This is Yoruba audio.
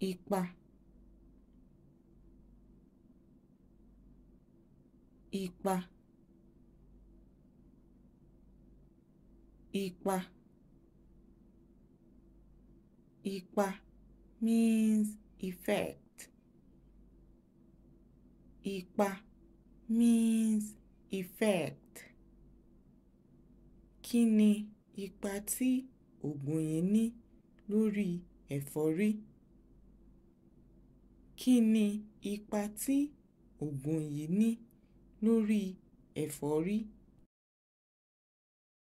ikpa ikpa ikpa ikpa means effect ikpa means effect kí ni ipa tí oògùn yìí ní lórí ẹ̀fọ́rí? Kí ni ipa tí oògùn yìí ní lórí ẹ̀fọ́rí?